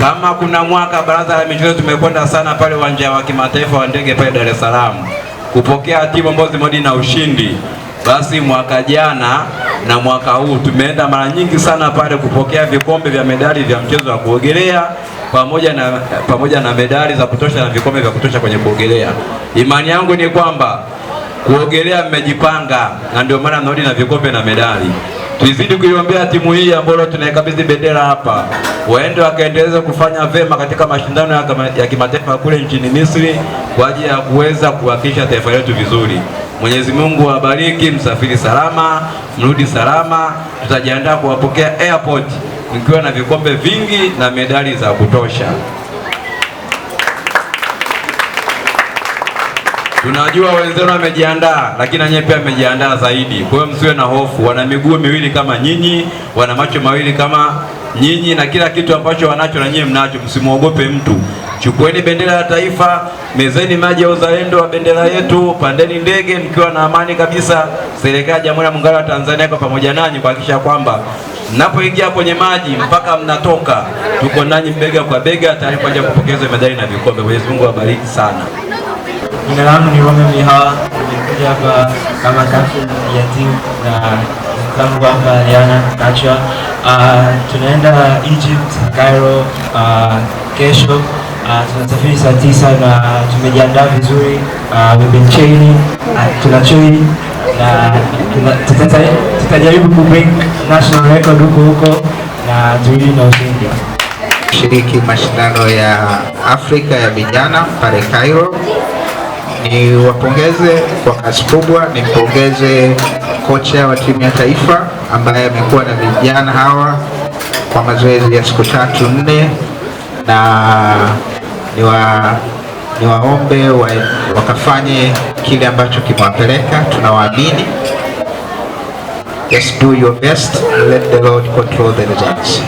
Kama kuna mwaka baraza la michezo tumekwenda sana pale uwanja wa kimataifa wa ndege pale Dar es Salaam kupokea timu ambazo zimerudi na ushindi, basi mwaka jana na mwaka huu tumeenda mara nyingi sana pale kupokea vikombe vya medali vya mchezo wa kuogelea pamoja na, pamoja na medali za kutosha na vikombe vya kutosha kwenye kuogelea. Imani yangu ni kwamba kuogelea mmejipanga, na ndio maana mnarudi na vikombe na medali. Tuizidi kuiombea timu hii ambayo tunaikabidhi bendera hapa waende wakaendeleza kufanya vema katika mashindano ya kimataifa kule nchini Misri kwa ajili ya kuweza kuwakilisha taifa letu vizuri. Mwenyezi Mungu awabariki, msafiri salama, mrudi salama. Tutajiandaa kuwapokea airport mkiwa na vikombe vingi na medali za kutosha. Tunajua wenzenu wamejiandaa, lakini nanyewe pia mmejiandaa zaidi. Kwa hiyo msiwe na hofu, wana miguu miwili kama nyinyi, wana macho mawili kama nyinyi, na kila kitu ambacho wanacho na nyinyi mnacho. Msimwogope mtu. Chukueni bendera ya taifa, mezeni maji ya uzalendo wa bendera yetu, pandeni ndege mkiwa na amani kabisa. Serikali ya Jamhuri ya Muungano wa Tanzania kwa pamoja nanyi kuhakikisha kwamba mnapoingia kwenye maji mpaka mnatoka, tuko nanyi bega kwa bega, tayari kwa ajili ya kupokezwa medali na vikombe. Mwenyezi Mungu awabariki sana. Jina langu ni Romeo Mihawa, nimekuja hapa kama kafu ya timu na tangu hapa Ariana Kachwa. Uh, tunaenda Egypt, Cairo uh, kesho uh, tunasafiri saa tisa na tumejiandaa vizuri uh, we've been training uh, tuna train na tutajaribu ku break national record huko huko na tuili na ushindi shiriki mashindano ya Afrika ya vijana pale Cairo ni wapongeze kwa kazi kubwa, nimpongeze kocha wa timu ya taifa ambaye amekuwa na vijana hawa kwa mazoezi ya siku tatu nne, na niwa niwaombe wa, wakafanye kile ambacho kimewapeleka. Tunawaamini. Just do your best, let the Lord control the results.